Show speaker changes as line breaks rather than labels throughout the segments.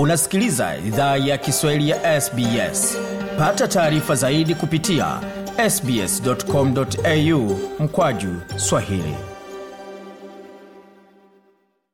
unasikiliza idhaa ya kiswahili ya sbs pata taarifa zaidi kupitia sbscomau mkwaju swahili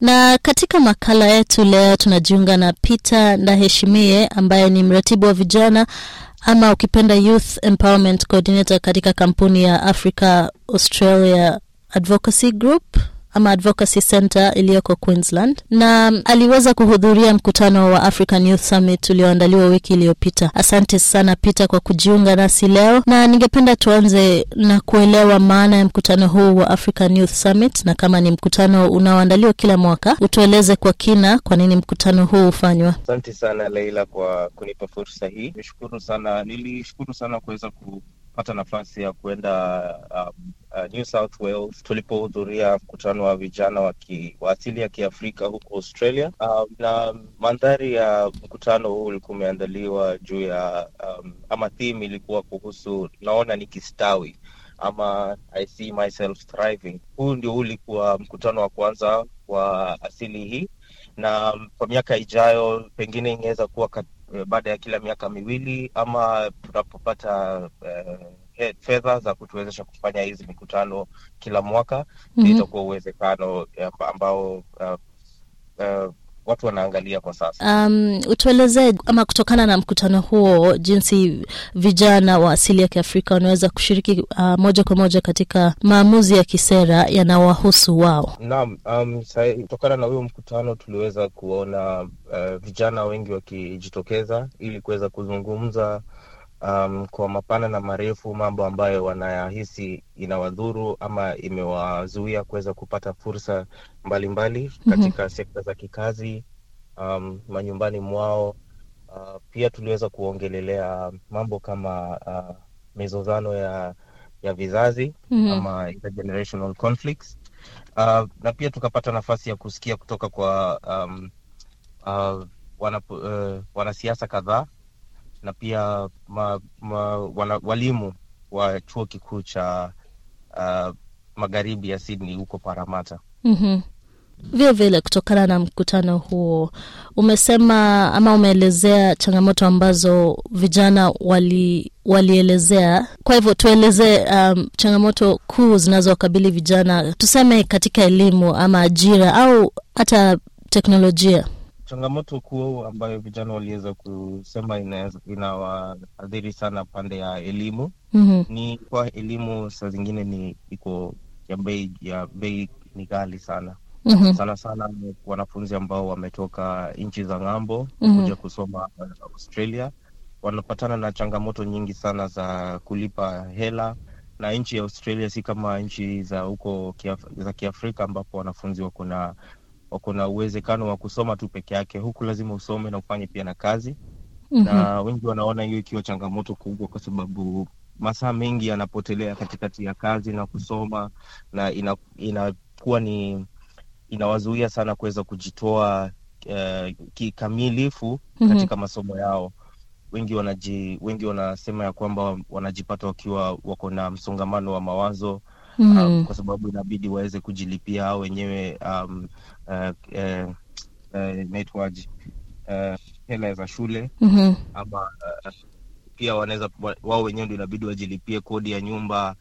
na katika makala yetu leo tunajiunga na peter ndaheshimie ambaye ni mratibu wa vijana ama ukipenda youth empowerment coordinator katika kampuni ya africa australia advocacy group ama Advocacy Center iliyoko Queensland, na um, aliweza kuhudhuria mkutano wa African Youth Summit ulioandaliwa wiki iliyopita. Asante sana Peter kwa kujiunga nasi leo, na ningependa tuanze na kuelewa maana ya mkutano huu wa African Youth Summit, na kama ni mkutano unaoandaliwa kila mwaka, utueleze kwa kina kwa nini mkutano huu hufanywa.
Asante sana Leila kwa kunipa fursa hii, nishukuru sana, nilishukuru sana kuweza ku pata nafasi ya kuenda um, uh, New South Wales tulipohudhuria mkutano wa vijana wa, ki, wa asili ya Kiafrika huko Australia. Um, na mandhari ya mkutano huu ulikuwa umeandaliwa juu ya um, ama theme ilikuwa kuhusu naona ni kistawi ama I see myself thriving. Huu ndio ulikuwa mkutano wa kwanza wa asili hii, na um, kwa miaka ijayo pengine ingeweza kuwa kat Eh, baada ya kila miaka miwili ama tunapopata uh, fedha za kutuwezesha kufanya hizi mikutano kila mwaka mm-hmm. itakuwa uwezekano ambao uh, uh, watu wanaangalia kwa sasa.
Um, utuelezee ama kutokana na mkutano huo jinsi vijana wa asili ya Kiafrika wanaweza kushiriki uh, moja kwa moja katika maamuzi ya kisera yanawahusu wao.
Naam, um, kutokana na huyo mkutano tuliweza kuona uh, vijana wengi wakijitokeza ili kuweza kuzungumza um, kwa mapana na marefu mambo ambayo wanayahisi inawadhuru ama imewazuia kuweza kupata fursa mbalimbali mbali, mhm. katika mm-hmm. sekta za kikazi um, manyumbani mwao uh, pia tuliweza kuongelelea mambo kama uh, mizozano ya ya vizazi mm-hmm. ama conflicts uh, na pia tukapata nafasi ya kusikia kutoka kwa um, uh, wana, uh, wanasiasa kadhaa na pia ma, ma, wana, walimu wa chuo kikuu cha uh, magharibi ya Sydney huko Paramata.
mm-hmm. Vile kutokana na mkutano huo umesema ama umeelezea changamoto ambazo vijana wali walielezea. Kwa hivyo tuelezee um, changamoto kuu zinazowakabili vijana, tuseme katika elimu ama ajira au hata teknolojia
changamoto kuu ambayo vijana waliweza kusema inawaadhiri ina sana pande ya elimu mm-hmm. ni kwa elimu saa zingine ni iko ya bei ya bei ni ghali sana mm-hmm. sana sana wanafunzi ambao wametoka nchi za ng'ambo mm-hmm. kuja kusoma Australia wanapatana na changamoto nyingi sana za kulipa hela na nchi ya Australia si kama nchi za huko za Kiafrika ambapo wanafunzi wako na wako na uwezekano wa kusoma tu peke yake, huku lazima usome na ufanye pia na kazi mm-hmm. na mhm. wengi wanaona hiyo ikiwa changamoto kubwa, kwa sababu masaa mengi yanapotelea katikati ya kazi na kusoma, na inakuwa ina ni inawazuia sana kuweza kujitoa uh, kikamilifu mhm. katika mm-hmm. masomo yao wengi wanaji wengi wanasema ya kwamba wanajipata wakiwa wako na msongamano wa mawazo mm um, kwa sababu inabidi waweze kujilipia hao wenyewe um, uh, uh, eh, uh, eh, naitwaji uh, eh, hela za shule mm -hmm. ama uh, pia wanaweza wao wenyewe ndo inabidi wajilipie kodi ya nyumba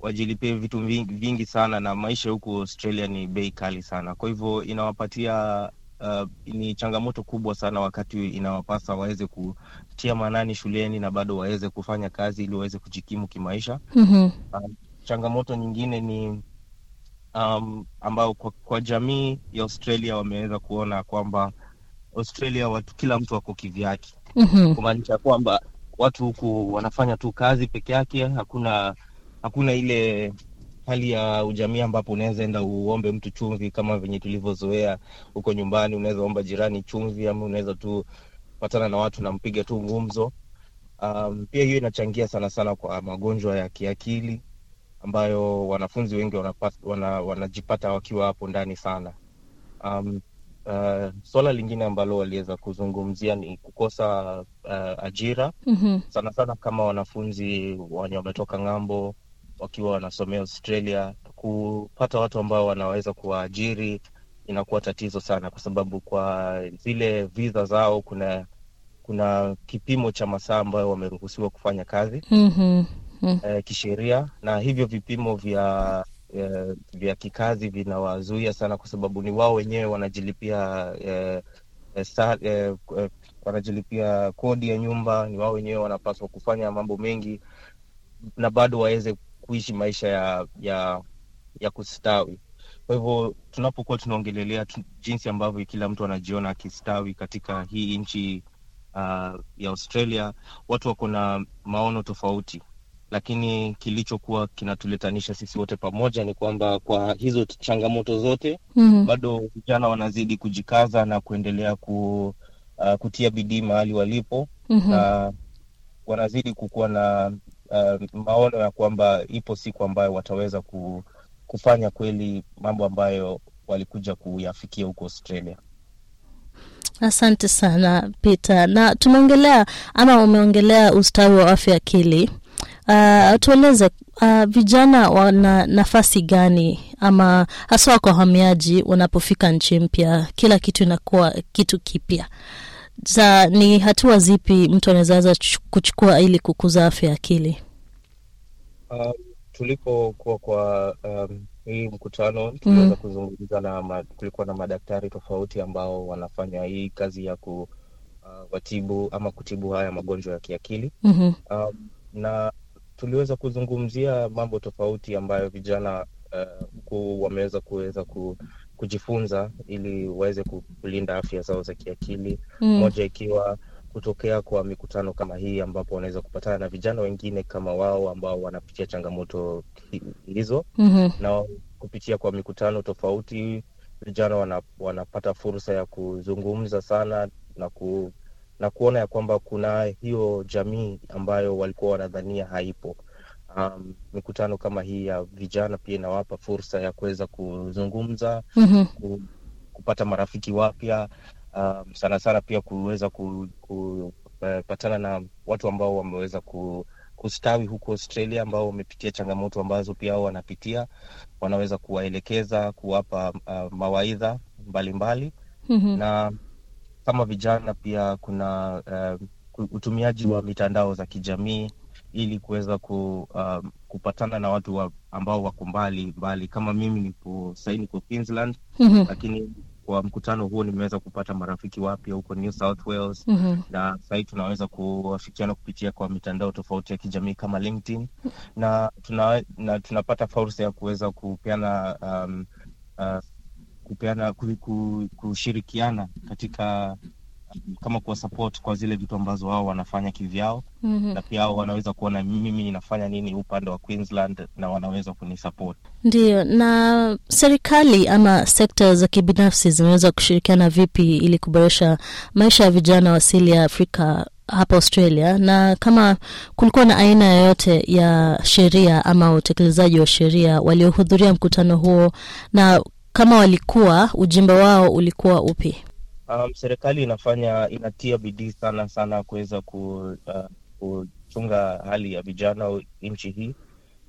wajilipie vitu vingi, vingi sana na maisha huku Australia ni bei kali sana, kwa hivyo inawapatia uh, ni changamoto kubwa sana wakati inawapasa waweze kutia maanani shuleni na bado waweze kufanya kazi ili waweze kujikimu kimaisha.
mm -hmm.
Uh, changamoto nyingine ni um, ambao kwa, kwa jamii ya Australia wameweza kuona kwamba Australia watu kila mtu wako kivyake mm-hmm. kumaanisha kwamba watu huku wanafanya tu kazi peke yake, hakuna hakuna ile hali ya ujamii ambapo unaweza enda uombe mtu chumvi kama venye tulivyozoea huko nyumbani. Unaweza omba jirani chumvi, ama unaweza tu patana na watu nampiga tu ngumzo. Um, pia hiyo inachangia sana sana kwa magonjwa ya kiakili ambayo wanafunzi wengi wanajipata wana, wanajipata wakiwa hapo ndani sana. Um, uh, swala lingine ambalo waliweza kuzungumzia ni kukosa uh, ajira mm-hmm. sana sana kama wanafunzi wenye wametoka ng'ambo wakiwa wanasomea Australia, kupata watu ambao wanaweza kuwaajiri inakuwa tatizo sana, kwa sababu kwa zile visa zao kuna kuna kipimo cha masaa ambayo wameruhusiwa kufanya kazi
mm-hmm mm.
eh, kisheria na hivyo vipimo vya eh, vya kikazi vinawazuia sana, kwa sababu ni wao wenyewe wanajilipia eh, eh, eh, eh, wanajilipia kodi ya nyumba, ni wao wenyewe wanapaswa kufanya mambo mengi na bado waweze kuishi maisha ya ya, ya kustawi. Kwa hivyo tunapokuwa tunaongelelea jinsi ambavyo kila mtu anajiona akistawi katika hii nchi uh, ya Australia, watu wako na maono tofauti lakini kilichokuwa kinatuletanisha sisi wote pamoja ni kwamba kwa hizo changamoto zote mm-hmm. bado vijana wanazidi kujikaza na kuendelea ku, uh, kutia bidii mahali walipo
mm-hmm. na
wanazidi kukuwa na uh, maono ya kwamba ipo siku ambayo wataweza ku, kufanya kweli mambo ambayo walikuja kuyafikia huko Australia.
Asante sana Peter, na tumeongelea ama umeongelea ustawi wa afya akili Uh, tueleze uh, vijana wana nafasi gani ama haswa kwa wahamiaji wanapofika nchi mpya, kila kitu inakuwa kitu kipya. Za, ni hatua zipi mtu anaweza kuchukua ili kukuza afya ya akili?
Uh, tulipokuwa kwa um, hii mkutano mm. tuliweza mm. kuzungumza na ma, kulikuwa na madaktari tofauti ambao wanafanya hii kazi ya ku uh, watibu ama kutibu haya magonjwa ya kiakili mm-hmm. um, na tuliweza kuzungumzia mambo tofauti ambayo vijana eh, huku uh, wameweza kuweza ku, kujifunza ili waweze kulinda afya zao za kiakili mm. moja ikiwa kutokea kwa mikutano kama hii ambapo wanaweza kupatana na vijana wengine kama wao ambao wanapitia changamoto hizo mm-hmm. na kupitia kwa mikutano tofauti vijana wanapata fursa ya kuzungumza sana na ku na kuona ya kwamba kuna hiyo jamii ambayo walikuwa wanadhania haipo. Um, mikutano kama hii ya vijana pia inawapa fursa ya kuweza kuzungumza mm-hmm. ku, kupata marafiki wapya um, sana sana pia kuweza kupatana ku, eh, na watu ambao wameweza ku, kustawi huku Australia ambao wamepitia changamoto ambazo pia hao wanapitia, wanaweza kuwaelekeza, kuwapa uh, mawaidha mbalimbali mbali. mm-hmm. na kama vijana pia kuna uh, utumiaji wa mitandao za kijamii ili kuweza ku, uh, kupatana na watu wa, ambao wako mbali mbali. Kama mimi nipo sahii niko Queensland mm-hmm. lakini kwa mkutano huo nimeweza kupata marafiki wapya huko New South Wales mm-hmm. na sahii tunaweza kuwafikiana kupitia kwa mitandao tofauti ya kijamii kama LinkedIn na, tuna, na tunapata fursa ya kuweza kupeana um, uh, kupeana kushirikiana katika kama kuwa support kwa zile vitu ambazo wao wanafanya kivyao mm-hmm. na pia wao wanaweza kuona mimi ninafanya nini upande wa Queensland na wanaweza kunisupport.
Ndiyo, na serikali ama sekta za kibinafsi zinaweza kushirikiana vipi ili kuboresha maisha ya vijana wa asili ya Afrika hapa Australia, na kama kulikuwa na aina yoyote ya sheria ama utekelezaji wa sheria waliohudhuria mkutano huo, na kama walikuwa, ujumbe wao ulikuwa upi?
Um, serikali inafanya inatia bidii sana sana kuweza ku, uh, kuchunga hali ya vijana nchi hii,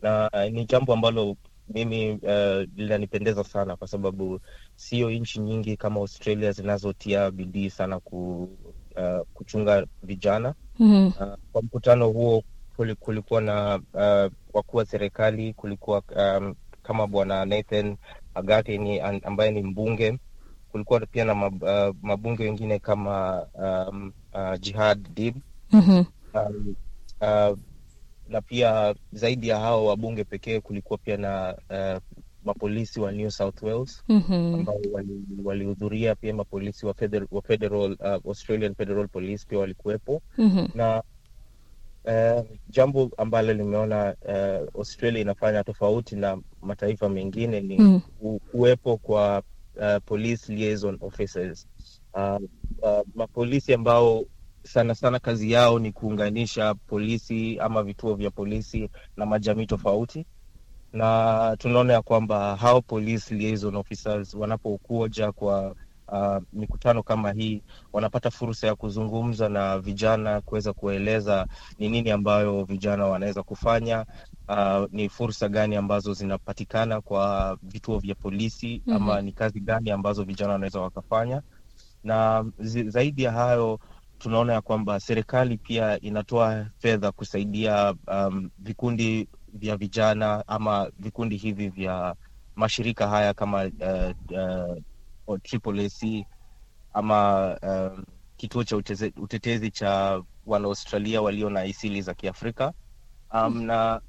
na uh, ni jambo ambalo mimi uh, linanipendeza sana kwa sababu sio nchi nyingi kama Australia zinazotia bidii sana ku, uh, kuchunga vijana mm-hmm. Uh, kwa mkutano huo kulikuwa na uh, wakuu wa serikali, kulikuwa um, kama bwana Nathan Agate ni ambaye ni mbunge. Kulikuwa pia na mab, uh, mabunge wengine kama um, uh, Jihad Dib mm -hmm. um, uh, na pia zaidi ya hao wabunge pekee kulikuwa pia na uh, mapolisi wa New South Wales
mm -hmm. ambao
walihudhuria wali pia mapolisi wa, federal, wa federal, uh, Australian Federal Police pia walikuwepo mm -hmm. na Uh, jambo ambalo limeona uh, eh, Australia inafanya tofauti na mataifa mengine ni mm. kuwepo kwa uh, police liaison officers uh, uh, mapolisi ambao sana sana kazi yao ni kuunganisha polisi ama vituo vya polisi na majamii tofauti, na tunaona ya kwamba hao police liaison officers wanapokuja kwa uh, mikutano kama hii wanapata fursa ya kuzungumza na vijana, kuweza kuwaeleza ni nini ambayo vijana wanaweza kufanya. Uh, ni fursa gani ambazo zinapatikana kwa vituo vya polisi mm -hmm. Ama ni kazi gani ambazo vijana wanaweza wakafanya, na zaidi ya hayo tunaona ya kwamba serikali pia inatoa fedha kusaidia um, vikundi vya vijana ama vikundi hivi vya mashirika haya kama uh, uh, or ama um, kituo cha uteze, utetezi cha wanaaustralia walio na asili za Kiafrika um, mm. na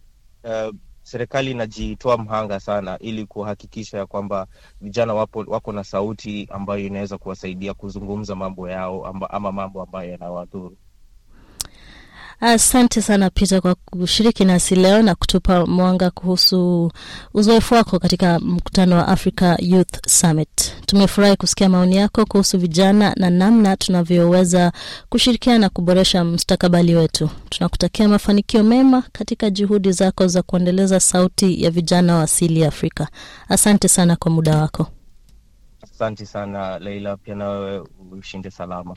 uh, serikali inajitoa mhanga sana ili kuhakikisha ya kwamba vijana wapo, wako na sauti ambayo inaweza kuwasaidia kuzungumza mambo yao ama, ama mambo ambayo yanawadhuru.
Asante sana Peter kwa kushiriki nasi leo na kutupa mwanga kuhusu uzoefu wako katika mkutano wa Africa Youth Summit. Tumefurahi kusikia maoni yako kuhusu vijana na namna tunavyoweza kushirikiana na kuboresha mstakabali wetu. Tunakutakia mafanikio mema katika juhudi zako za kuendeleza sauti ya vijana wa asili ya Afrika. Asante sana kwa muda wako.
Asante sana Leila, pia nawe ushinde salama